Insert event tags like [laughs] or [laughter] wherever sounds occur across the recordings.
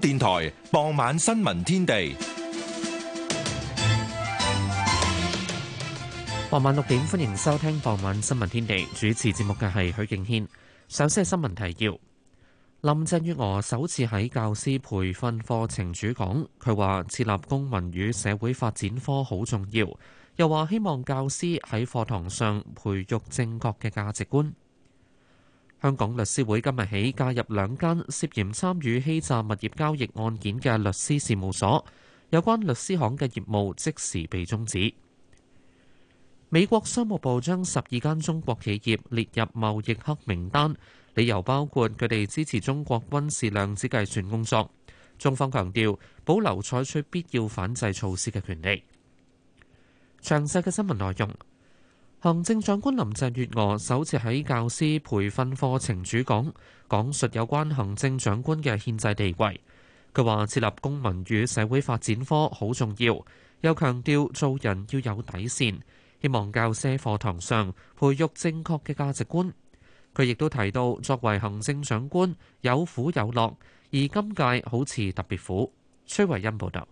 電台傍晚新聞天地，傍晚六點，歡迎收聽傍晚新聞天地。主持節目嘅係許敬軒。首先係新聞提要：林鄭月娥首次喺教師培訓課程主講，佢話設立公民與社會發展科好重要，又話希望教師喺課堂上培育正確嘅價值觀。香港律師會今日起介入兩間涉嫌參與欺詐物業交易案件嘅律師事務所，有關律師行嘅業務即時被終止。美國商務部將十二間中國企業列入貿易黑名單，理由包括佢哋支持中國軍事量子計算工作。中方強調保留採取必要反制措施嘅權利。詳細嘅新聞內容。行政長官林鄭月娥首次喺教師培訓課程主講，講述有關行政長官嘅憲制地位。佢話設立公民與社會發展科好重要，又強調做人要有底線，希望教社課堂上培育正確嘅價值觀。佢亦都提到，作為行政長官有苦有樂，而今屆好似特別苦。崔慧欣報道。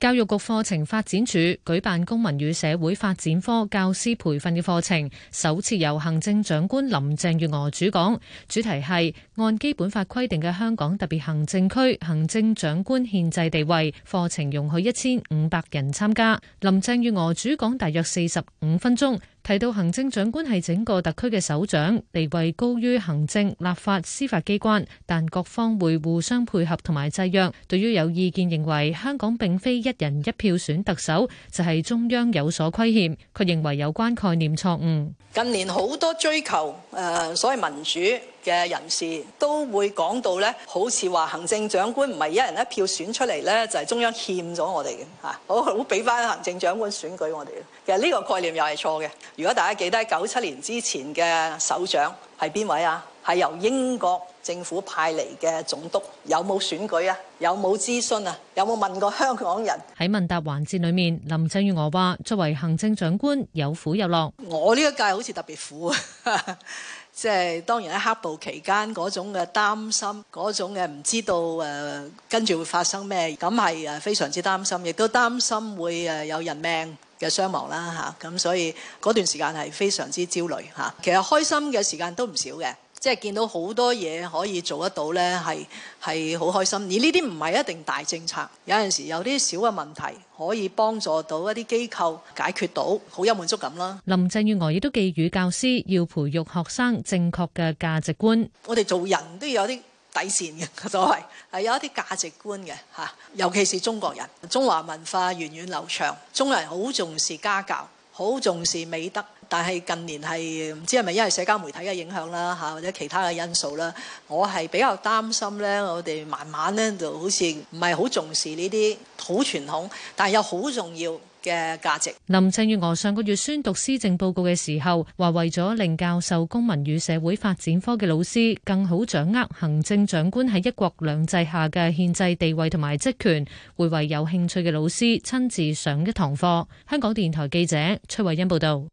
教育局課程發展處舉辦公民與社會發展科教師培訓嘅課程，首次由行政長官林鄭月娥主講，主題係按基本法規定嘅香港特別行政區行政長官憲制地位。課程容許一千五百人參加，林鄭月娥主講大約四十五分鐘。提到行政長官係整個特區嘅首長，地位高於行政、立法、司法機關，但各方會互相配合同埋制約。對於有意見認為香港並非一人一票選特首，就係、是、中央有所虧欠，佢認為有關概念錯誤。近年好多追求誒、呃，所謂民主，嘅人士都會講到咧，好似話行政長官唔係一人一票選出嚟咧，就係、是、中央欠咗我哋嘅嚇，好好俾翻行政長官選舉我哋。其實呢個概念又係錯嘅。如果大家記得九七年之前嘅首長係邊位啊？係由英國政府派嚟嘅總督，有冇選舉有有啊？有冇諮詢啊？有冇問過香港人？喺問答環節裡面，林鄭月娥話：作為行政長官，有苦有樂。我呢一屆好似特別苦啊！ [laughs] 即係當然喺黑暴期間嗰種嘅擔心，嗰種嘅唔知道誒、呃、跟住會發生咩，咁係誒非常之擔心，亦都擔心會有人命嘅傷亡啦嚇。啊、咁所以嗰段時間係非常之焦慮嚇、啊。其實開心嘅時間都唔少嘅。即係見到好多嘢可以做得到咧，係係好開心。而呢啲唔係一定大政策，有陣時有啲小嘅問題可以幫助到一啲機構解決到，好有滿足感啦。林鄭月娥亦都寄語教師要培育學生正確嘅價值觀。我哋做人都要有啲底線嘅所謂，係、就是、有一啲價值觀嘅嚇，尤其是中國人，中華文化源遠流長，中國人好重視家教，好重視美德。但係近年係唔知係咪因為社交媒體嘅影響啦，嚇或者其他嘅因素啦，我係比較擔心咧。我哋慢慢咧就好似唔係好重視呢啲好傳統，但係有好重要嘅價值。林鄭月娥上個月宣讀施政報告嘅時候，話為咗令教授公民與社會發展科嘅老師更好掌握行政長官喺一國兩制下嘅憲制地位同埋職權，會為有興趣嘅老師親自上一堂課。香港電台記者崔慧欣報道。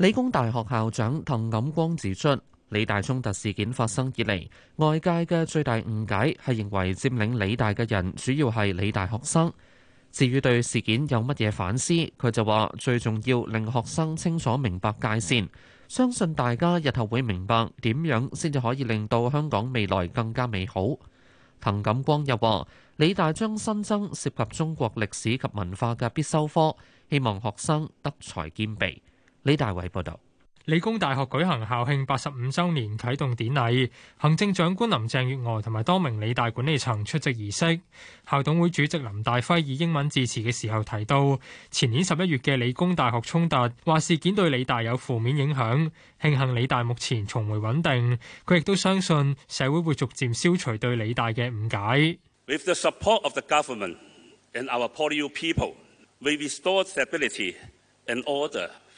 理工大學校長滕錦光指出，理大衝突事件發生以嚟，外界嘅最大誤解係認為佔領理大嘅人主要係理大學生。至於對事件有乜嘢反思，佢就話最重要令學生清楚明白界線，相信大家日後會明白點樣先至可以令到香港未來更加美好。滕錦光又話，理大將新增涉及中國歷史及文化嘅必修科，希望學生德才兼備。李大偉報道，理工大學舉行校慶八十五周年啟動典禮，行政長官林鄭月娥同埋多名理大管理層出席儀式。校董會主席林大輝以英文致辭嘅時候提到，前年十一月嘅理工大學衝突，話事件對理大有負面影響。慶幸理大目前重回穩定，佢亦都相信社會會逐漸消除對理大嘅誤解。With the support of the government and our polyu people, we restore stability and order.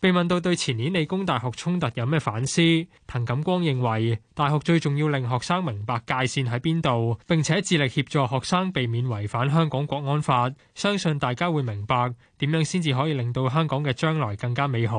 被問到對前年理工大學衝突有咩反思，滕錦光認為大學最重要令學生明白界綫喺邊度，並且致力協助學生避免違反香港國安法，相信大家會明白點樣先至可以令到香港嘅將來更加美好。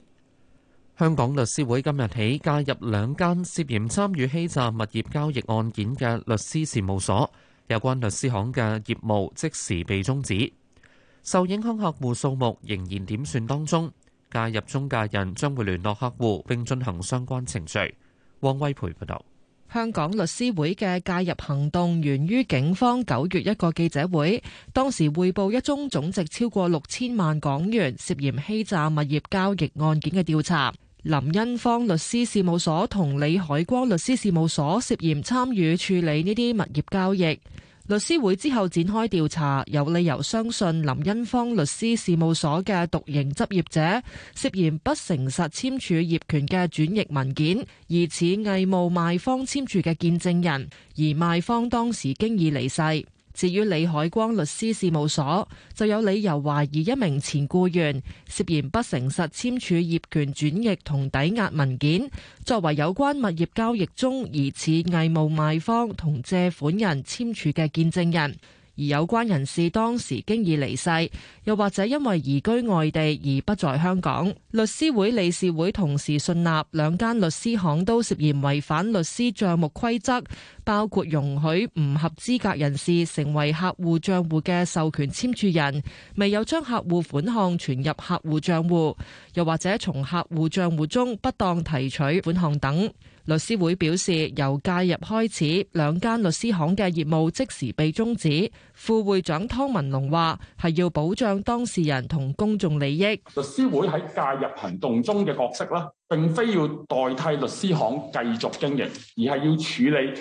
香港律師會今日起介入兩間涉嫌參與欺詐物業交易案件嘅律師事務所，有關律師行嘅業務即時被終止，受影響客戶數目仍然點算當中。介入中介人將會聯絡客戶，並進行相關程序。汪威培報道，香港律師會嘅介入行動源於警方九月一個記者會，當時匯報一宗總值超過六千萬港元涉嫌欺詐物業交易案件嘅調查。林恩芳律師事務所同李海光律師事務所涉嫌參與處理呢啲物業交易。律師會之後展開調查，有理由相信林恩芳律師事務所嘅獨營執業者涉嫌不誠實簽署業權嘅轉譯文件，疑似偽冒賣方簽署嘅見證人，而賣方當時經已離世。至於李海光律師事務所，就有理由懷疑一名前僱員涉嫌不誠實簽署業權轉譯同抵押文件，作為有關物業交易中疑似偽冒賣方同借款人簽署嘅見證人。而有關人士當時經已離世，又或者因為移居外地而不在香港。律師會理事會同時信納兩間律師行都涉嫌違反律師帳目規則。包括容許唔合資格人士成為客戶賬戶嘅授權簽署人，未有將客戶款項存入客戶賬戶，又或者從客戶賬戶中不當提取款項等。律師會表示，由介入開始，兩間律師行嘅業務即時被終止。副會長湯文龍話，係要保障當事人同公眾利益。律師會喺介入行動中嘅角色啦。並非要代替律師行繼續經營，而係要處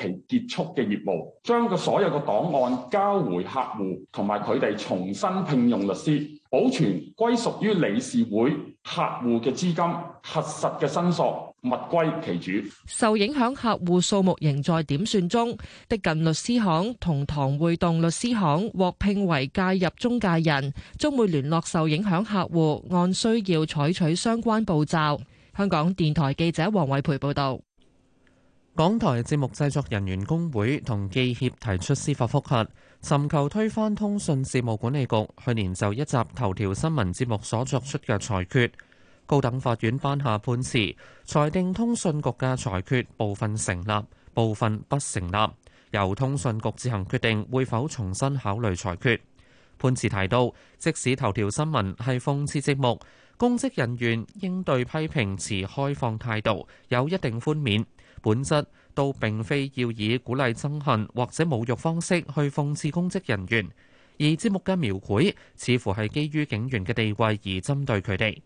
理其結束嘅業務，將個所有嘅檔案交回客戶，同埋佢哋重新聘用律師，保存歸屬於理事會客戶嘅資金，核實嘅申索物歸其主。受影響客戶數目仍在點算中，的近律師行同堂會棟律師行獲聘為介入中介人，將會聯絡受影響客戶，按需要採取相關步驟。香港電台記者王偉培報道，港台節目製作人員工會同記協提出司法覆核，尋求推翻通訊事務管理局去年就一集頭條新聞節目所作出嘅裁決。高等法院頒下判詞，裁定通訊局嘅裁決部分成立，部分不成立，由通訊局自行決定會否重新考慮裁決。判詞提到，即使頭條新聞係諷刺節目，公職人員應對批評持開放態度，有一定寬免。本質都並非要以鼓勵憎恨或者侮辱方式去諷刺公職人員，而節目嘅描繪似乎係基於警員嘅地位而針對佢哋。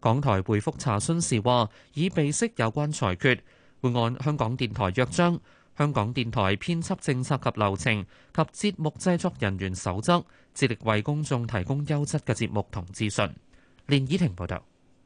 港台回覆查詢時話，已備悉有關裁決，會按香港電台約章。香港電台編輯政策及流程及節目製作人員守則，致力為公眾提供優質嘅節目同資訊，連倚婷報道。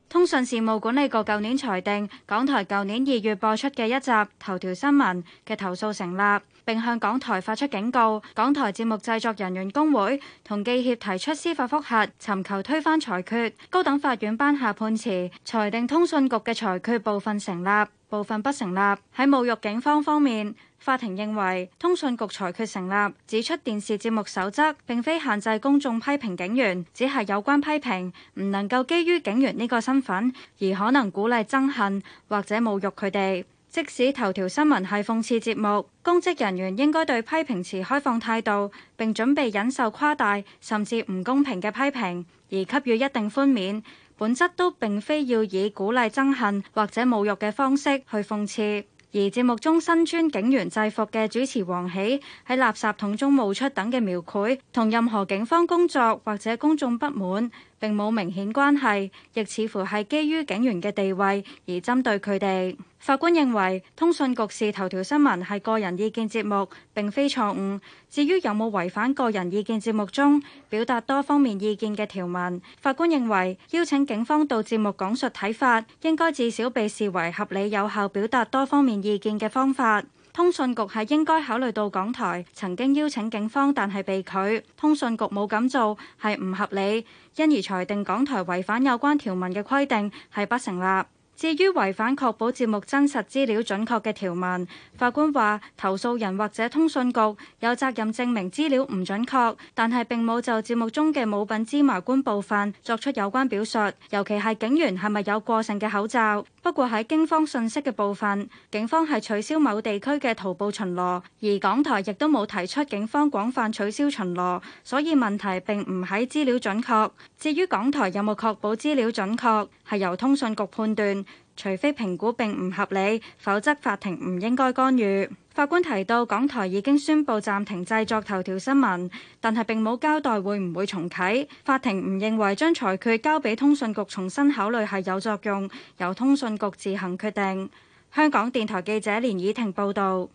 通訊事務管理局舊年裁定港台舊年二月播出嘅一集《頭條新聞》嘅投訴成立，並向港台發出警告。港台節目製作人員工會同記協提出司法複核，尋求推翻裁決。高等法院頒下判詞，裁定通訊局嘅裁決部分成立，部分不成立。喺侮辱警方方面。法庭認為，通訊局裁決成立，指出電視節目守則並非限制公眾批評警員，只係有關批評唔能夠基於警員呢個身份，而可能鼓勵憎恨或者侮辱佢哋。即使頭條新聞係諷刺節目，公職人員應該對批評持開放態度，並準備忍受誇大甚至唔公平嘅批評，而給予一定寬免。本質都並非要以鼓勵憎恨或者侮辱嘅方式去諷刺。而節目中身穿警員制服嘅主持王喜喺垃圾桶中冒出等嘅描繪，同任何警方工作或者公眾不滿並冇明顯關係，亦似乎係基於警員嘅地位而針對佢哋。法官認為，通訊局視頭條新聞係個人意見節目，並非錯誤。至於有冇違反個人意見節目中表達多方面意見嘅條文，法官認為，邀請警方到節目講述睇法，應該至少被視為合理有效表達多方面意見嘅方法。通信局係應該考慮到港台曾經邀請警方，但係被拒，通訊局冇咁做係唔合理，因而裁定港台違反有關條文嘅規定係不成立。至於違反確保節目真實資料準確嘅條文，法官話投訴人或者通訊局有責任證明資料唔準確，但係並冇就節目中嘅冇品芝麻官部分作出有關表述，尤其係警員係咪有過剩嘅口罩。不過喺警方信息嘅部分，警方係取消某地區嘅徒步巡邏，而港台亦都冇提出警方廣泛取消巡邏，所以問題並唔喺資料準確。至於港台有冇確保資料準確，係由通訊局判斷。除非評估並唔合理，否則法庭唔應該干預。法官提到，港台已經宣布暫停製作頭條新聞，但係並冇交代會唔會重啟。法庭唔認為將裁決交俾通訊局重新考慮係有作用，由通訊局自行決定。香港電台記者連以婷報導。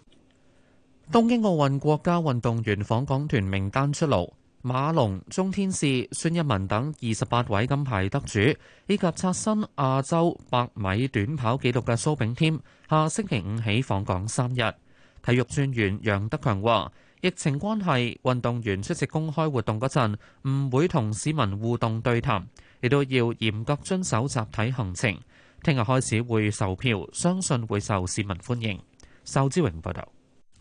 東京奧運國家運動員訪港團名單出爐。馬龍、鐘天使、孫一文等二十八位金牌得主，以及刷新亞洲百米短跑紀錄嘅蘇炳添，下星期五起訪港三日。體育專員楊德強話，疫情關係，運動員出席公開活動嗰陣，唔會同市民互動對談，亦都要嚴格遵守集體行程。聽日開始會售票，相信會受市民歡迎。仇志榮報道。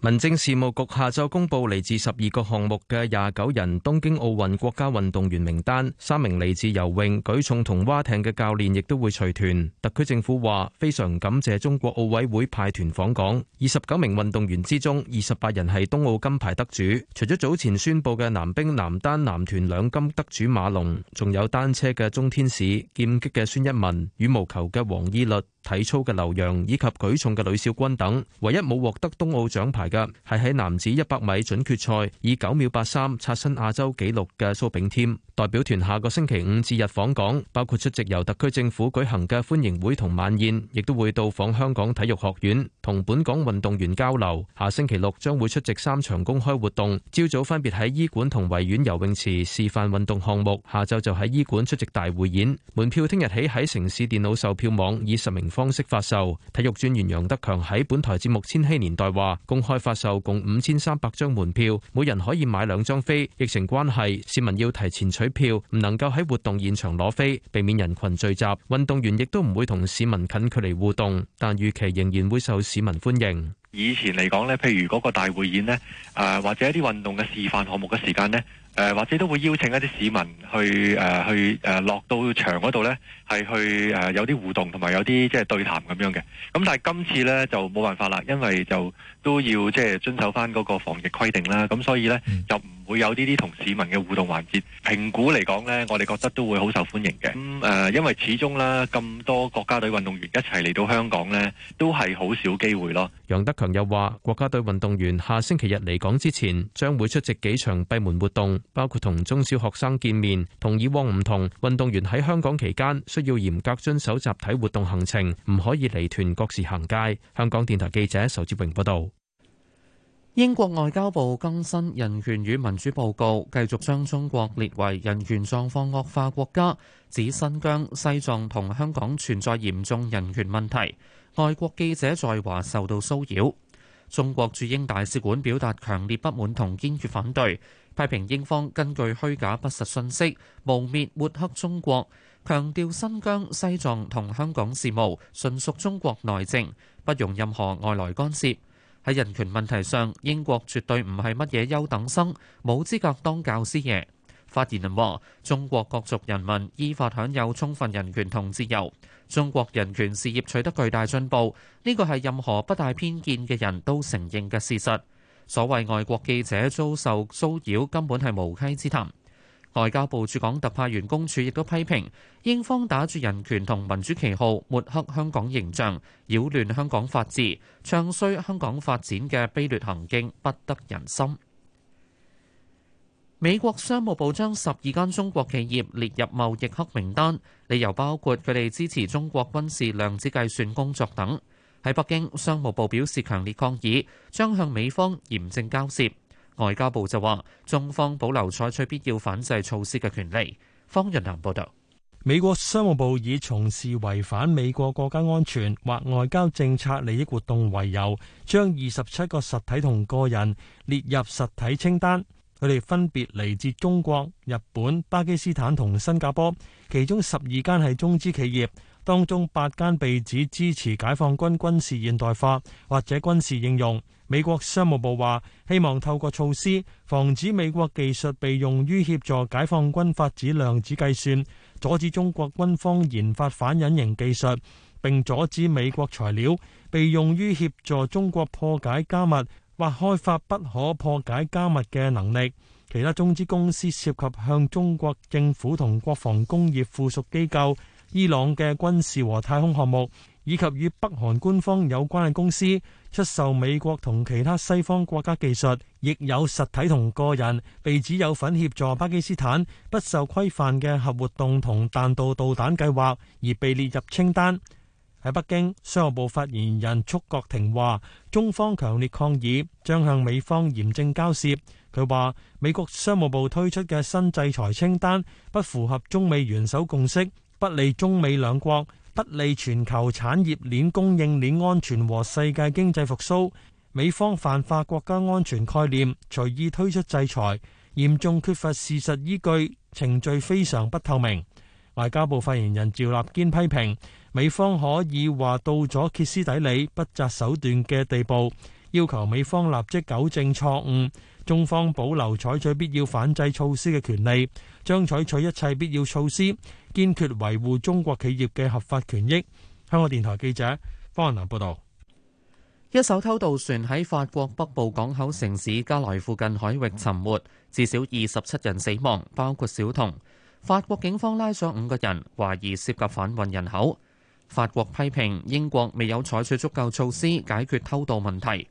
民政事務局下晝公布嚟自十二個項目嘅廿九人東京奧運國家運動員名單，三名嚟自游泳、舉重同蛙艇嘅教練亦都會隨團。特區政府話非常感謝中國奧委會派團訪港。二十九名運動員之中，二十八人係東奧金牌得主，除咗早前宣布嘅男乒男單男團兩金得主馬龍，仲有單車嘅鍾天使、劍擊嘅孫一文、羽毛球嘅王懿律。體操嘅劉洋以及舉重嘅呂小軍等，唯一冇獲得東奧獎牌嘅係喺男子一百米準決賽以九秒八三刷新亞洲紀錄嘅蘇炳添。代表團下個星期五至日訪港，包括出席由特區政府舉行嘅歡迎會同晚宴，亦都會到訪香港體育學院同本港運動員交流。下星期六將會出席三場公開活動，朝早分別喺伊館同維園游泳池示範運動項目，下晝就喺伊館出席大匯演。門票聽日起喺城市電腦售票網以十名方式發售，體育專員楊德強喺本台節目《千禧年代》話，公開發售共五千三百張門票，每人可以買兩張飛。疫情關係，市民要提前取票，唔能夠喺活動現場攞飛，避免人群聚集。運動員亦都唔會同市民近距離互動，但預期仍然會受市民歡迎。以前嚟講咧，譬如嗰個大會演咧，誒或者一啲運動嘅示範項目嘅時間咧，誒或者都會邀請一啲市民去誒去誒落到場嗰度咧。係去誒有啲互動同埋有啲即係對談咁樣嘅，咁但係今次呢就冇辦法啦，因為就都要即係遵守返嗰個防疫規定啦，咁所以呢就唔會有呢啲同市民嘅互動環節。評估嚟講呢，我哋覺得都會好受歡迎嘅。咁誒，因為始終啦，咁多國家隊運動員一齊嚟到香港呢，都係好少機會咯。楊德強又話：國家隊運動員下星期日嚟港之前，將會出席幾場閉門活動，包括同中小學生見面。同以往唔同，運動員喺香港期間，需要嚴格遵守集體活動行程，唔可以離團，各自行街。香港電台記者仇志榮報道。英國外交部更新人權與民主報告，繼續將中國列為人權狀況惡化國家，指新疆、西藏同香港存在嚴重人權問題，外國記者在華受到騷擾。中國駐英大使館表達強烈不滿同堅決反對，批評英方根據虛假不實信息誣衊抹黑中國。強調新疆、西藏同香港事務純屬中國內政，不容任何外來干涉。喺人權問題上，英國絕對唔係乜嘢優等生，冇資格當教師爺。發言人話：中國各族人民依法享有充分人權同自由，中國人權事業取得巨大進步，呢個係任何不帶偏見嘅人都承認嘅事實。所謂外國記者遭受騷擾，根本係無稽之談。外交部駐港特派員公署亦都批評英方打住人權同民主旗號抹黑香港形象，擾亂香港法治，唱衰香港發展嘅卑劣行徑不得人心。美國商務部將十二間中國企業列入貿易黑名單，理由包括佢哋支持中國軍事量子計算工作等。喺北京，商務部表示強烈抗議，將向美方嚴正交涉。外交部就話，中方保留採取必要反制措施嘅權利。方日南報導，美國商務部以從事違反美國國家安全或外交政策利益活動為由，將二十七個實體同個人列入實體清單。佢哋分別嚟自中國、日本、巴基斯坦同新加坡，其中十二間係中資企業，當中八間被指支持解放軍軍事現代化或者軍事應用。美國商務部話，希望透過措施防止美國技術被用於協助解放軍發展量子計算，阻止中國軍方研發反隱形技術，並阻止美國材料被用於協助中國破解加密或開發不可破解加密嘅能力。其他中資公司涉及向中國政府同國防工業附屬機構、伊朗嘅軍事和太空項目。以及與北韓官方有關嘅公司出售美國同其他西方國家技術，亦有實體同個人被指有份協助巴基斯坦不受規範嘅核活動同彈道導彈計劃，而被列入清單。喺北京，商務部發言人束國婷話，中方強烈抗議，將向美方嚴正交涉。佢話：美國商務部推出嘅新制裁清單不符合中美元首共識，不利中美兩國。不利全球產業鏈供應鏈安全和世界經濟復蘇。美方泛化國家安全概念，隨意推出制裁，嚴重缺乏事實依據，程序非常不透明。外交部發言人趙立堅批評美方可以話到咗歇斯底里，不擇手段嘅地步，要求美方立即糾正錯誤。中方保留採取必要反制措施嘅權利，將採取一切必要措施，堅決維護中國企業嘅合法權益。香港電台記者方雲南報道：一艘偷渡船喺法國北部港口城市加萊附近海域沉沒，至少二十七人死亡，包括小童。法國警方拉上五個人，懷疑涉及販運人口。法國批評英國未有採取足夠措施解決偷渡問題。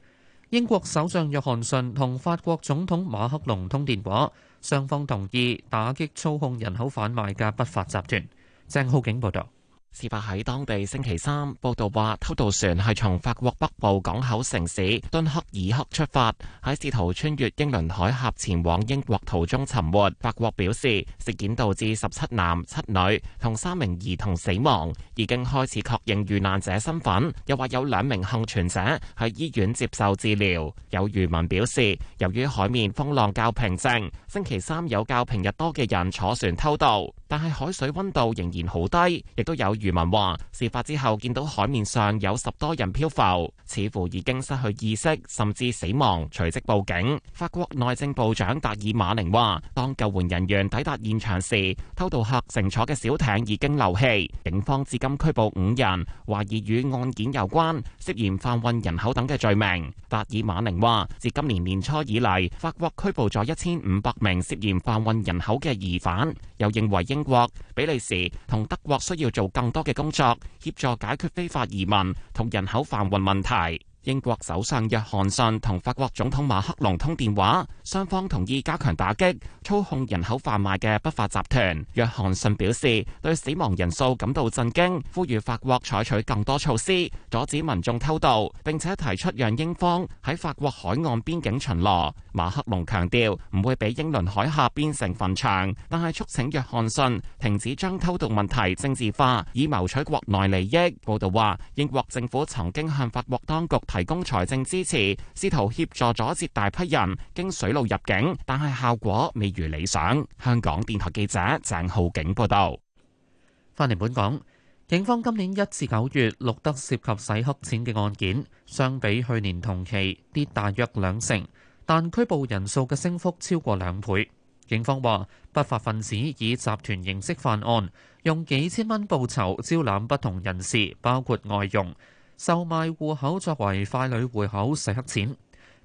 英國首相約翰遜同法國總統馬克龍通電話，雙方同意打擊操控人口販賣嘅不法集團。鄭浩景報導。事發喺當地星期三。報道話，偷渡船係從法國北部港口城市敦克爾克出發，喺試圖穿越英倫海峽前往英國途中沉沒。法國表示，事件導致十七男七女同三名兒童死亡，已經開始確認遇難者身份。又話有兩名幸存者喺醫院接受治療。有漁民表示，由於海面風浪較平靜，星期三有較平日多嘅人坐船偷渡。但係海水溫度仍然好低，亦都有漁民話，事發之後見到海面上有十多人漂浮，似乎已經失去意識甚至死亡，隨即報警。法國內政部長達爾馬寧話，當救援人員抵達現場時，偷渡客乘坐嘅小艇已經漏氣。警方至今拘捕五人，懷疑與案件有關，涉嫌販運人口等嘅罪名。達爾馬寧話，自今年年初以嚟，法國拘捕咗一千五百名涉嫌販運人口嘅疑犯，又認為應英國、比利時同德國需要做更多嘅工作，協助解決非法移民同人口販運問題。英國首相約翰遜同法國總統馬克龍通電話，雙方同意加強打擊操控人口販賣嘅不法集團。約翰遜表示對死亡人數感到震驚，呼籲法國採取更多措施阻止民眾偷渡，並且提出讓英方喺法國海岸邊境巡邏。馬克龍強調唔會俾英倫海峽變成墳場，但係促請約翰遜停止將偷渡問題政治化，以謀取國內利益。報道話，英國政府曾經向法國當局提供財政支持，試圖協助阻截大批人經水路入境，但係效果未如理想。香港電台記者鄭浩景報道。翻嚟本港，警方今年一至九月錄得涉及洗黑錢嘅案件，相比去年同期跌大約兩成，但拘捕人數嘅升幅超過兩倍。警方話，不法分子以集團形式犯案，用幾千蚊報酬招攬不同人士，包括外傭。售賣戶口作為傀儡戶口洗黑錢，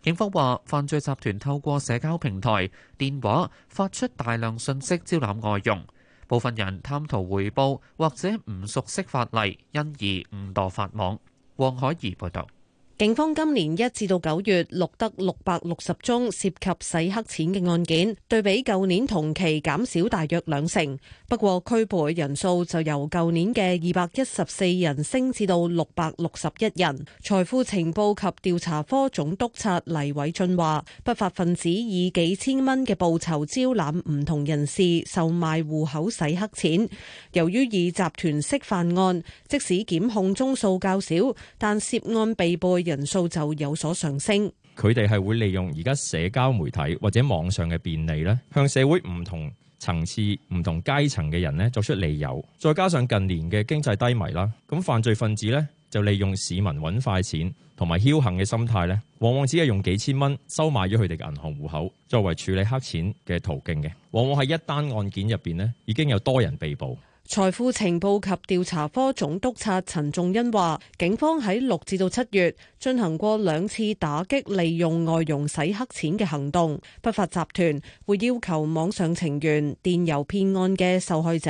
警方話犯罪集團透過社交平台、電話發出大量信息招攬外傭，部分人貪圖回報或者唔熟悉法例，因而誤墮法網。黃海怡報道。警方今年一至到九月錄得六百六十宗涉及洗黑錢嘅案件，對比舊年同期減少大約兩成。不過拘捕人數就由舊年嘅二百一十四人升至到六百六十一人。財富情報及調查科總督察黎偉俊話，不法分子以幾千蚊嘅報酬招攬唔同人士售賣戶口洗黑錢。由於以集團式犯案，即使檢控宗數較少，但涉案被捕人。人數就有所上升，佢哋係會利用而家社交媒體或者網上嘅便利咧，向社會唔同層次、唔同階層嘅人咧作出利誘。再加上近年嘅經濟低迷啦，咁犯罪分子呢就利用市民揾快錢同埋僥倖嘅心態呢，往往只係用幾千蚊收買咗佢哋嘅銀行戶口作為處理黑錢嘅途徑嘅。往往喺一單案件入邊呢已經有多人被捕。財富情報及調查科總督察陳仲恩話，警方喺六至到七月。進行過兩次打擊利用外傭洗黑錢嘅行動，不法集團會要求網上情緣電郵騙案嘅受害者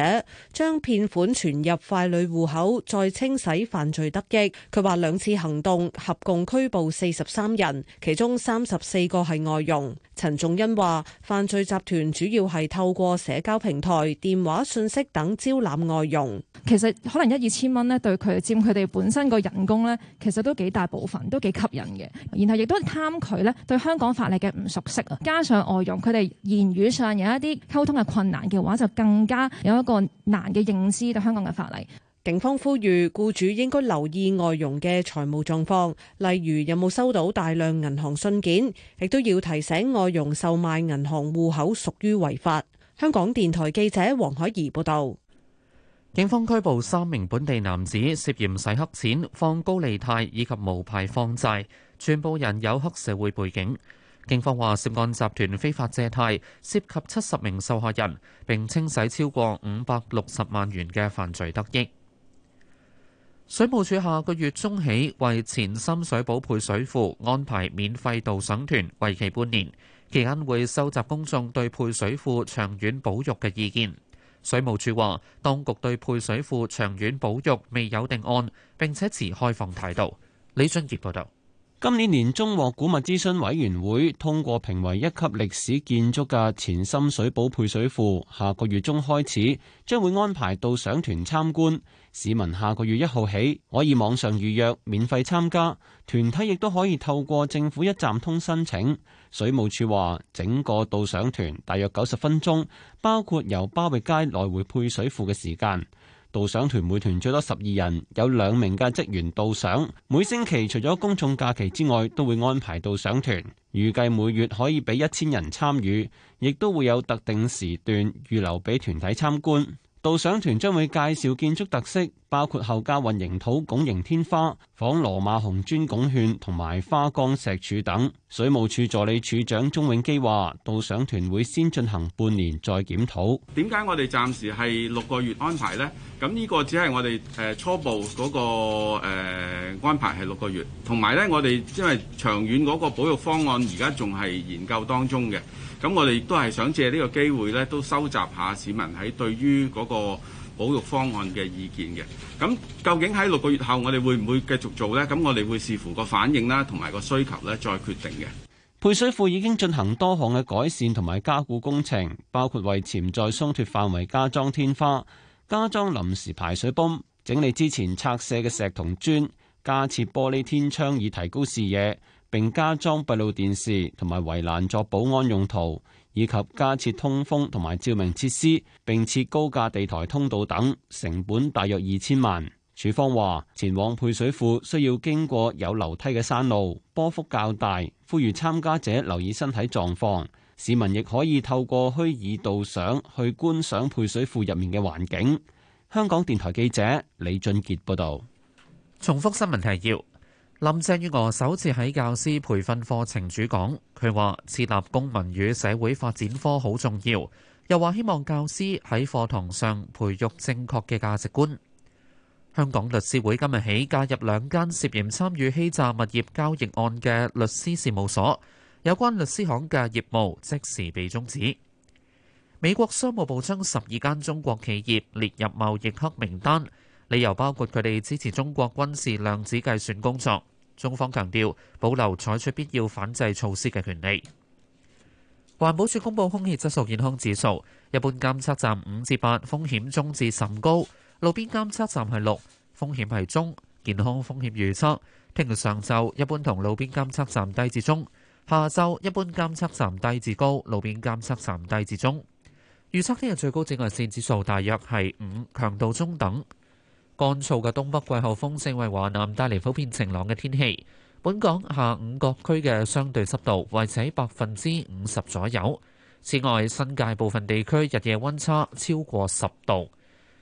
將騙款存入傀儡戶口，再清洗犯罪得益。佢話兩次行動合共拘捕四十三人，其中三十四個係外傭。陳仲恩話犯罪集團主要係透過社交平台、電話、訊息等招攬外傭。其實可能一二千蚊咧，對佢佔佢哋本身個人工咧，其實都幾大部分。都幾吸引嘅，然後亦都貪佢咧對香港法例嘅唔熟悉啊，加上外傭佢哋言語上有一啲溝通嘅困難嘅話，就更加有一個難嘅認知對香港嘅法例。警方呼籲僱主應該留意外傭嘅財務狀況，例如有冇收到大量銀行信件，亦都要提醒外傭售賣銀行戶口屬於違法。香港電台記者黃海怡報道。警方拘捕三名本地男子，涉嫌洗黑錢、放高利貸以及無牌放債，全部人有黑社會背景。警方話涉案集團非法借貸，涉及七十名受害人，並清洗超過五百六十萬元嘅犯罪得益。水務署下個月中起為前深水埗配水庫安排免費導賞團，為期半年，期間會收集公眾對配水庫長遠保育嘅意見。水務署話，當局對配水庫長遠保育未有定案，並且持開放態度。李俊傑報道，今年年中獲古物諮詢委員會通過評為一級歷史建築嘅前深水埗配水庫，下個月中開始將會安排導賞團參觀，市民下個月一號起可以網上預約免費參加，團體亦都可以透過政府一站通申請。水務署話，整個導賞團大約九十分鐘，包括由巴域街來回配水庫嘅時間。導賞團每團最多十二人，有兩名嘅職員導賞。每星期除咗公眾假期之外，都會安排導賞團。預計每月可以俾一千人參與，亦都會有特定時段預留俾團體參觀。導賞團將會介紹建築特色，包括後加運營土拱形天花、仿羅馬紅磚拱券同埋花崗石柱等。水務署助理署長鍾永基話：導賞團會先進行半年再檢討。點解我哋暫時係六個月安排呢？咁呢個只係我哋誒初步嗰個安排係六個月，同埋呢，我哋因為長遠嗰個保育方案而家仲係研究當中嘅。咁我哋亦都係想借呢個機會呢都收集下市民喺對於嗰個保育方案嘅意見嘅。咁究竟喺六個月後，我哋會唔會繼續做呢？咁我哋會視乎個反應啦，同埋個需求咧，再決定嘅。配水庫已經進行多項嘅改善同埋加固工程，包括為潛在鬆脱範圍加裝天花、加裝臨時排水泵、整理之前拆卸嘅石同磚、加設玻璃天窗以提高視野。並加裝閉路電視同埋圍欄作保安用途，以及加設通風同埋照明設施，並設高架地台通道等，成本大約二千萬。署方話，前往配水庫需要經過有樓梯嘅山路，波幅較大，呼籲參加者留意身體狀況。市民亦可以透過虛擬導賞去觀賞配水庫入面嘅環境。香港電台記者李俊杰報道。重複新聞提要。林鄭月娥首次喺教師培訓課程主講，佢話設立公民與社會發展科好重要，又話希望教師喺課堂上培育正確嘅價值觀。香港律師會今日起介入兩間涉嫌參與欺詐物業交易案嘅律師事務所，有關律師行嘅業務即時被中止。美國商務部將十二間中國企業列入貿易黑名單，理由包括佢哋支持中國軍事量子計算工作。中方強調保留採取必要反制措施嘅權利。環保署公布空氣質素健康指數，一般監測站五至八，風險中至甚高；路邊監測站係六，風險係中。健康風險預測：聽日上晝一般同路邊監測站低至中，下晝一般監測站低至高，路邊監測站低至中。預測聽日最高紫外線指數大約係五，強度中等。乾燥嘅東北季候風正為華南帶嚟普遍晴朗嘅天氣。本港下午各區嘅相對濕度維持喺百分之五十左右。此外，新界部分地區日夜温差超過十度。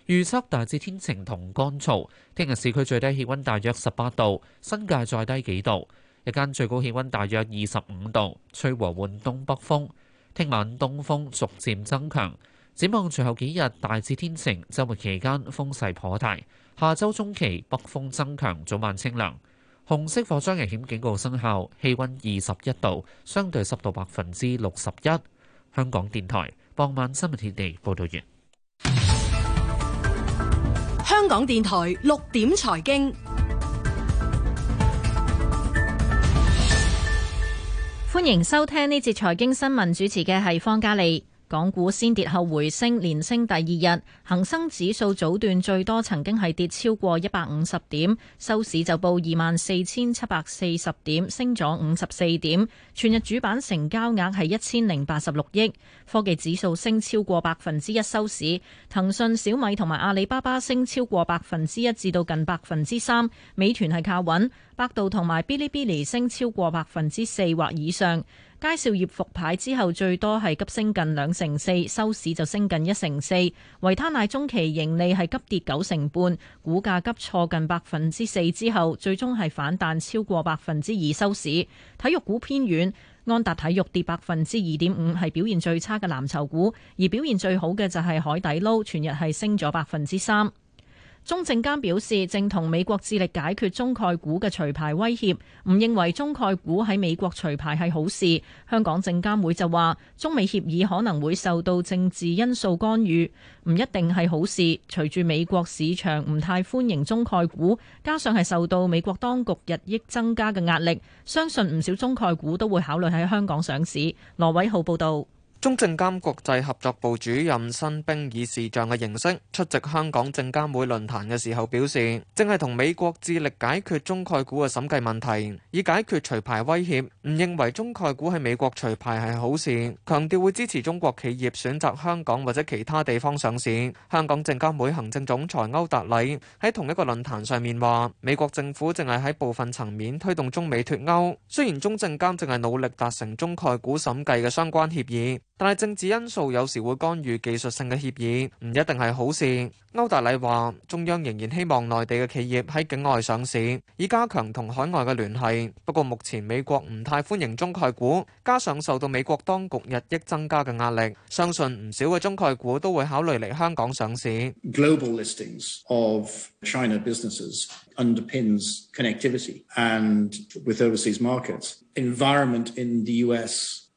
預測大致天晴同乾燥。聽日市區最低氣温大約十八度，新界再低幾度。日間最高氣温大約二十五度，吹和緩東北風。聽晚東風逐漸增強。展望隨後幾日大致天晴，周末期間風勢頗大。下周中期北風增強，早晚清涼。紅色火災危險警告生效，氣溫二十一度，相對濕度百分之六十一。香港電台傍晚新聞天地報道完。香港電台六點財經，歡迎收聽呢節財經新聞，主持嘅係方嘉莉。港股先跌後回升，連升第二日。恒生指數早段最多曾經係跌超過一百五十點，收市就報二萬四千七百四十點，升咗五十四點。全日主板成交額係一千零八十六億。科技指數升超過百分之一，收市。騰訊、小米同埋阿里巴巴升超過百分之一至到近百分之三。美團係靠穩，百度同埋嗶哩嗶哩升超過百分之四或以上。佳兆業復牌之後，最多係急升近兩成四，收市就升近一成四。維他奶中期盈利係急跌九成半，股價急挫近百分之四之後，最終係反彈超過百分之二收市。體育股偏軟，安踏體育跌百分之二點五，係表現最差嘅藍籌股，而表現最好嘅就係海底撈，全日係升咗百分之三。中證監表示，正同美國致力解決中概股嘅除牌威脅，唔認為中概股喺美國除牌係好事。香港證監會就話，中美協議可能會受到政治因素干預，唔一定係好事。隨住美國市場唔太歡迎中概股，加上係受到美國當局日益增加嘅壓力，相信唔少中概股都會考慮喺香港上市。羅偉浩報道。中證監國際合作部主任申兵以視像嘅形式出席香港證監會論壇嘅時候表示，正係同美國致力解決中概股嘅審計問題，以解決除牌威脅。唔認為中概股喺美國除牌係好事，強調會支持中國企業選擇香港或者其他地方上市。香港證監會行政總裁歐達禮喺同一個論壇上面話，美國政府正係喺部分層面推動中美脫歐，雖然中證監正係努力達成中概股審計嘅相關協議。但係政治因素有時會干預技術性嘅協議，唔一定係好事。歐達禮話：中央仍然希望內地嘅企業喺境外上市，以加強同海外嘅聯繫。不過目前美國唔太歡迎中概股，加上受到美國當局日益增加嘅壓力，相信唔少嘅中概股都會考慮嚟香港上市。Global listings of China businesses underpins connectivity and with overseas markets environment in the US.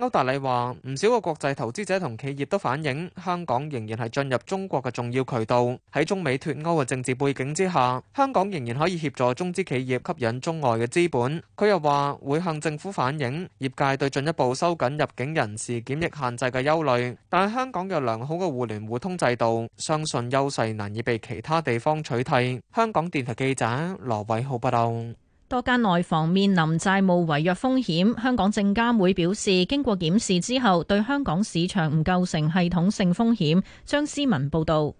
歐達禮話：唔少嘅國際投資者同企業都反映，香港仍然係進入中國嘅重要渠道。喺中美脫鈎嘅政治背景之下，香港仍然可以協助中資企業吸引中外嘅資本。佢又話會向政府反映業界對進一步收緊入境人士檢疫限制嘅憂慮，但係香港有良好嘅互聯互通制度，相信優勢難以被其他地方取替。香港電台記者羅偉浩報道。多間內房面臨債務違約風險，香港證監會表示，經過檢視之後，對香港市場唔構成系統性風險。張思文報導。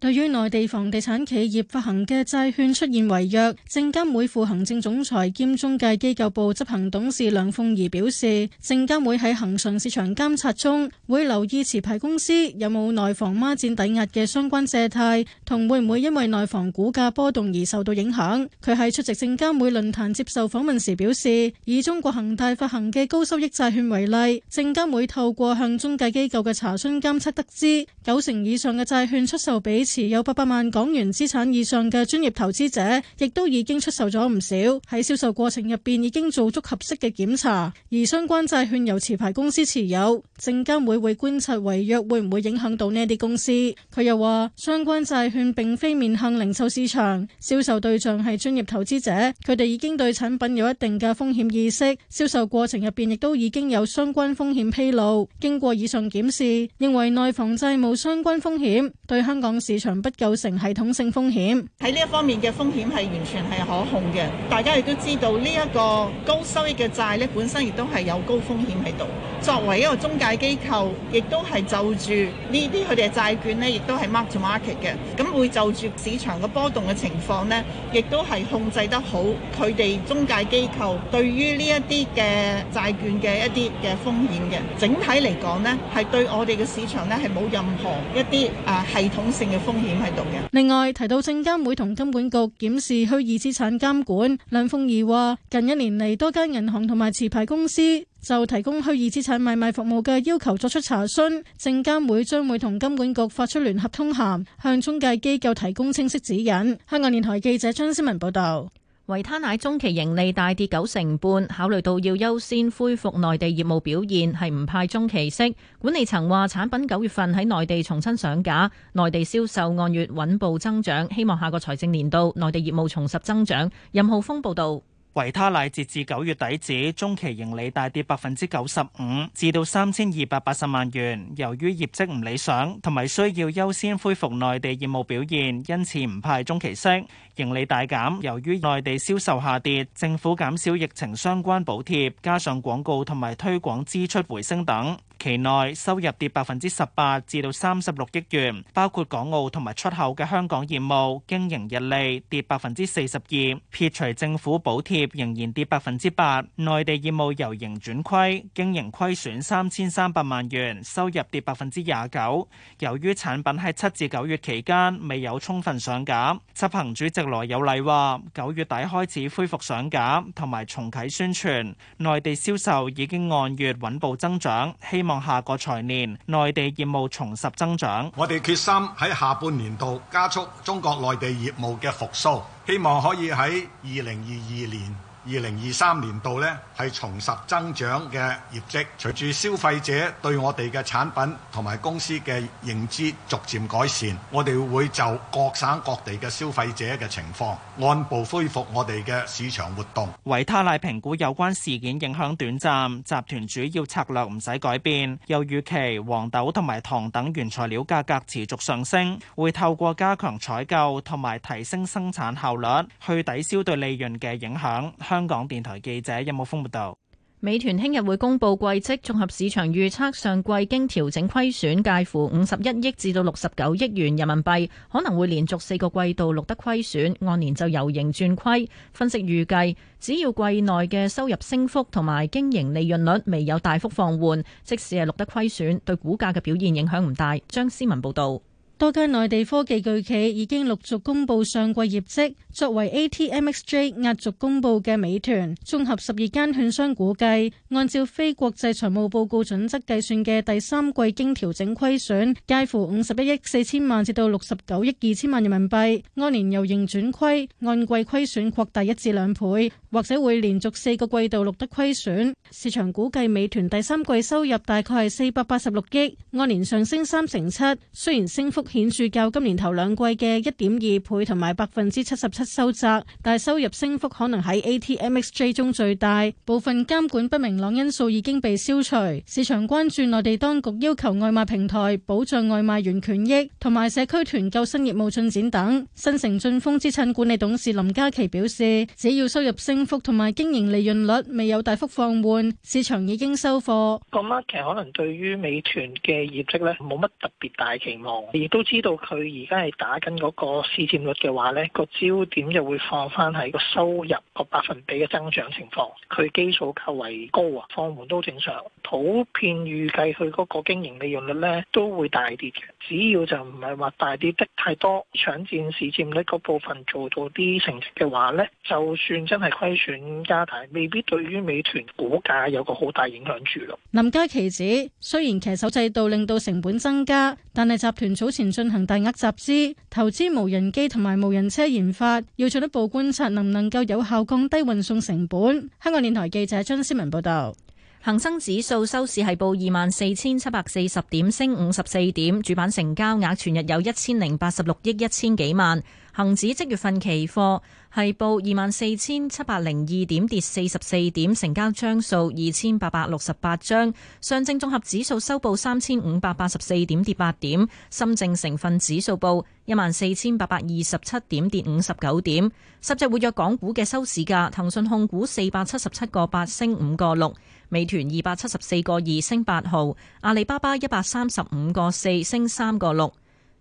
對於內地房地產企業發行嘅債券出現違約，證監會副行政總裁兼中介機構部執行董事梁鳳儀表示，證監會喺恒常市場監察中會留意持牌公司有冇內房孖展抵押嘅相關借貸，同會唔會因為內房股價波動而受到影響。佢喺出席證監會論壇接受訪問時表示，以中國恒大發行嘅高收益債券為例，證監會透過向中介機構嘅查詢監測得知，九成以上嘅債券出售俾持有八百萬港元資產以上嘅專業投資者，亦都已經出售咗唔少。喺銷售過程入邊已經做足合適嘅檢查，而相關債券由持牌公司持有，證監會會觀察違約會唔會影響到呢啲公司。佢又話，相關債券並非面向零售市場，銷售對象係專業投資者，佢哋已經對產品有一定嘅風險意識，銷售過程入邊亦都已經有相關風險披露，經過以上檢視，認為內房債務相關風險對香港市。場不構成系統性風險，喺呢一方面嘅風險係完全係可控嘅。大家亦都知道呢一個高收益嘅債咧，本身亦都係有高風險喺度。作為一個中介機構，亦都係就住呢啲佢哋嘅債券咧，亦都係 mark to market 嘅。咁會就住市場嘅波動嘅情況呢亦都係控制得好佢哋中介機構對於呢一啲嘅債券嘅一啲嘅風險嘅。整體嚟講呢係對我哋嘅市場呢係冇任何一啲啊系統性嘅風險。風險。另外提到證監會同金管局檢視虛擬資產監管，梁鳳儀話近一年嚟，多間銀行同埋持牌公司就提供虛擬資產買賣服務嘅要求作出查詢，證監會將會同金管局發出聯合通函，向中介機構提供清晰指引。香港電台記者張思文報道。維他奶中期盈利大跌九成半，考慮到要優先恢復內地業務表現，係唔派中期息。管理層話，產品九月份喺內地重新上架，內地銷售按月穩步增長，希望下個財政年度內地業務重拾增長。任浩峰報道。維他奶截至九月底止中期盈利大跌百分之九十五，至到三千二百八十萬元。由於業績唔理想，同埋需要優先恢復內地業務表現，因此唔派中期息。盈利大減，由於內地銷售下跌，政府減少疫情相關補貼，加上廣告同埋推廣支出回升等。期內收入跌百分之十八至到三十六億元，包括港澳同埋出口嘅香港業務經營溢利跌百分之四十二，撇除政府補貼仍然跌百分之八。內地業務由盈轉虧，經營虧損三千三百萬元，收入跌百分之廿九。由於產品喺七至九月期間未有充分上架，執行主席羅有禮話：九月底開始恢復上架同埋重啟宣傳，內地銷售已經按月穩步增長，希望，望下個財年，內地業務重拾增長。我哋決心喺下半年度加速中國內地業務嘅復甦，希望可以喺二零二二年。二零二三年度呢，係重拾增長嘅業績。隨住消費者對我哋嘅產品同埋公司嘅認知逐漸改善，我哋會就各省各地嘅消費者嘅情況，按部恢復我哋嘅市場活動。維他奶評估有關事件影響短暫，集團主要策略唔使改變，又預期黃豆同埋糖等原材料價格持續上升，會透過加強採購同埋提升生產效率，去抵消對利潤嘅影響。香港電台記者任木峰報道。美團聽日會公布季績，綜合市場預測上季經調整虧損介乎五十一億至到六十九億元人民幣，可能會連續四個季度錄得虧損，按年就由盈轉虧。分析預計，只要季內嘅收入升幅同埋經營利潤率未有大幅放緩，即使係錄得虧損，對股價嘅表現影響唔大。張思文報道。多間內地科技巨企已經陸續公布上季業績，作為 ATMXJ 壓軸公布嘅美團，綜合十二間券商估計，按照非國際財務報告準則計算嘅第三季經調整虧損介乎五十一億四千萬至到六十九億二千萬人民幣，按年由盈轉虧，按季虧損擴大一至兩倍，或者會連續四個季度錄得虧損。市場估計美團第三季收入大概係四百八十六億，按年上升三成七，雖然升幅。顯著較今年頭兩季嘅一點二倍同埋百分之七十七收窄，但係收入升幅可能喺 ATMXJ 中最大。部分監管不明朗因素已經被消除，市場關注內地當局要求外賣平台保障外賣員權益同埋社區團購新業務進展等。新城晉豐資產管理董事林嘉琪表示，只要收入升幅同埋經營利潤率未有大幅放緩，市場已經收貨。咁咧，其實可能對於美團嘅業績咧，冇乜特別大期望，而都。都知道佢而家係打緊嗰個市占率嘅話咧，這個焦點就會放翻喺個收入個百分比嘅增長情況，佢基數較為高啊，放緩都正常。普遍預計佢嗰個經營利潤率咧，都會大跌嘅。只要就唔係話大跌得太多，搶佔市占率嗰部分做到啲成績嘅話咧，就算真係虧損加大，未必對於美團股價有個好大影響住咯。林嘉琪指，雖然騎手制度令到成本增加，但係集團早前。進行大額集資，投資無人機同埋無人車研發，要進一步觀察能唔能夠有效降低運送成本。香港電台記者張思文報道，恒生指數收市係報二萬四千七百四十點，升五十四點，主板成交額全日有一千零八十六億一千幾萬，恒指即月份期貨。係報二萬四千七百零二點，跌四十四點，成交張數二千八百六十八張。上證綜合指數收報三千五百八十四點，跌八點。深證成分指數報一萬四千八百二十七點，跌五十九點。十隻活躍港股嘅收市價：騰訊控股四百七十七個八升五個六，美團二百七十四個二升八毫，阿里巴巴一百三十五個四升三個六。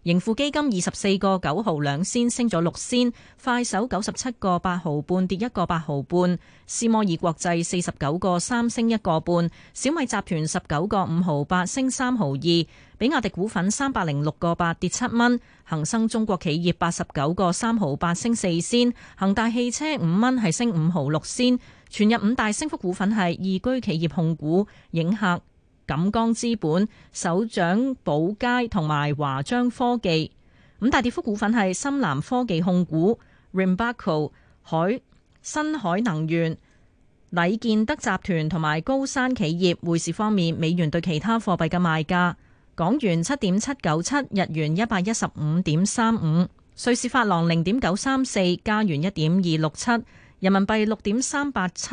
盈富基金二十四個九毫兩仙升咗六仙，快手九十七個八毫半跌一個八毫半，思摩爾國際四十九個三升一個半，小米集團十九個五毫八升三毫二，比亞迪股份三百零六個八跌七蚊，恒生中國企業八十九個三毫八升四仙，恒大汽車五蚊係升五毫六仙，全日五大升幅股份係易居企業控股、影客、錦江資本、首長寶佳同埋華章科技，五大跌幅股份係深藍科技控股、Rimbaco、海新海能源、禮建德集團同埋高山企業。匯市方面，美元對其他貨幣嘅賣價：港元七點七九七，日元一百一十五點三五，瑞士法郎零點九三四，加元一點二六七，人民幣六點三八七。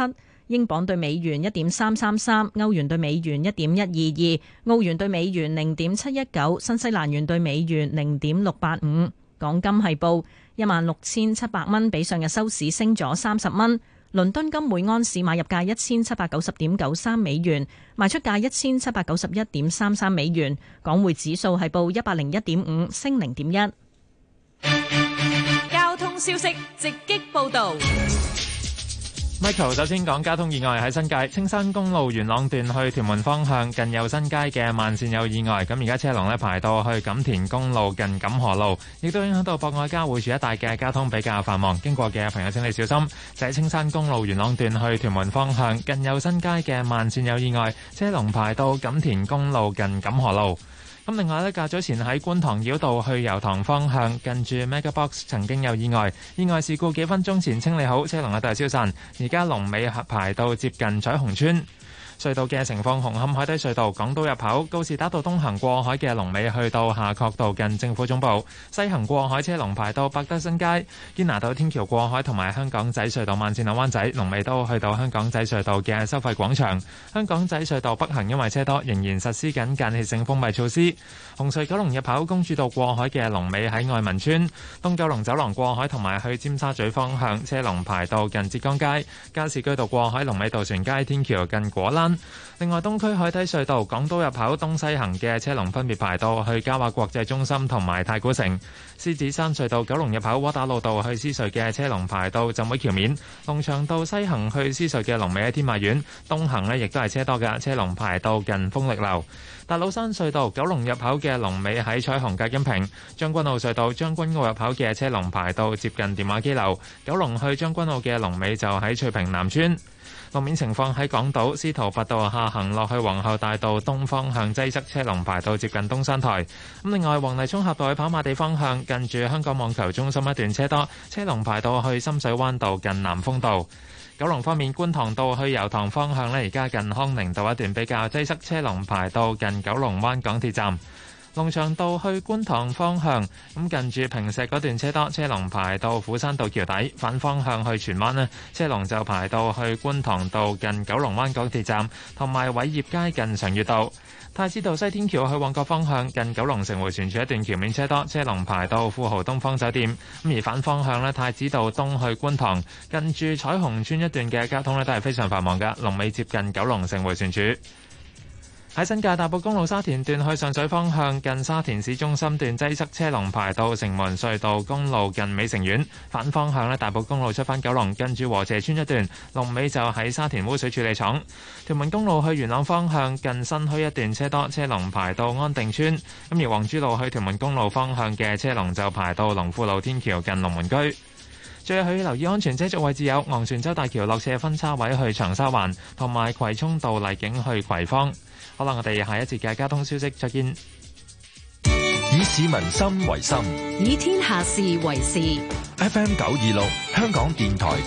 英鎊對美元一點三三三，歐元對美元一點一二二，澳元對美元零點七一九，新西蘭元對美元零點六八五。港金係報一萬六千七百蚊，16, 比上日收市升咗三十蚊。倫敦金每安士買入價一千七百九十點九三美元，賣出價一千七百九十一點三三美元。港匯指數係報一百零一點五，升零點一。交通消息直擊報道。Michael 首先講交通意外，喺新界青山公路元朗段去屯門方向近右新街嘅慢線有意外，咁而家車龍呢排到去錦田公路近錦河路，亦都影響到博愛交匯處一帶嘅交通比較繁忙，經過嘅朋友請你小心。就喺、是、青山公路元朗段去屯門方向近右新街嘅慢線有意外，車龍排到錦田公路近錦河路。咁另外咧，較早前喺觀塘繞道去油塘方向，近住 Mega Box 曾經有意外，意外事故幾分鐘前清理好，車龍也大消散，而家龍尾排到接近彩虹邨。隧道嘅情況：紅磡海底隧道港島入口、告士打道東行過海嘅龍尾去到夏愨道近政府總部；西行過海車龍排到百德新街、堅拿道天橋過海同埋香港仔隧道慢線南灣仔龍尾都去到香港仔隧道嘅收費廣場。香港仔隧道北行因為車多，仍然實施緊間歇性封閉措施。紅隧九龍入口公主道過海嘅龍尾喺愛民邨；東九龍走廊過海同埋去尖沙咀方向車龍排到近浙江街、加士居道過海龍尾渡船街天橋近果欄。另外，東區海底隧道港島入口東西行嘅車龍分別排到去嘉華國際中心同埋太古城。獅子山隧道九龍入口窩打老道去獅隧嘅車龍排到浸會橋面。龍翔道西行去獅隧嘅龍尾喺天馬苑，東行呢亦都係車多嘅，車龍排到近豐力樓。大老山隧道九龍入口嘅龍尾喺彩虹隔音屏。將軍澳隧道將軍澳入口嘅車龍排到接近電話機樓，九龍去將軍澳嘅龍尾就喺翠屏南村。路面情況喺港島司徒拔道下行落去皇后大道東方向擠塞，車龍排到接近東山台。咁另外，黃泥涌峽道去跑馬地方向，近住香港網球中心一段車多，車龍排到去深水灣道近南風道。九龍方面，觀塘道去油塘方向咧，而家近康寧道一段比較擠塞，車龍排到近九龍灣港鐵站。龍翔道去觀塘方向，咁近住平石嗰段車多，車龍排到斧山道橋底；反方向去荃灣咧，車龍就排到去觀塘道近九龍灣港鐵站，同埋偉業街近常悅道。太子道西天橋去旺角方向，近九龍城回旋處一段橋面車多，車龍排到富豪東方酒店。咁而反方向咧，太子道東去觀塘，近住彩虹邨一段嘅交通咧都係非常繁忙噶，龍尾接近九龍城回旋處。喺新界大埔公路沙田段去上水方向，近沙田市中心段擠塞，車龍排到城門隧道公路近美城苑。反方向咧，大埔公路出返九龍，跟住禾輋村一段龍尾就喺沙田污水處理廠。屯門公路去元朗方向，近新墟一段車多，車龍排到安定村。咁而皇珠路去屯門公路方向嘅車龍就排到龍富路天橋近龍門居。最後，要留意安全車速位置有昂船洲大橋落斜分叉位去長沙灣，同埋葵涌道麗景去葵芳。好啦，我哋下一節嘅交通消息，再見。以市民心為心， [noise] 以天下事為事。 [music] FM 九二六，香港電台。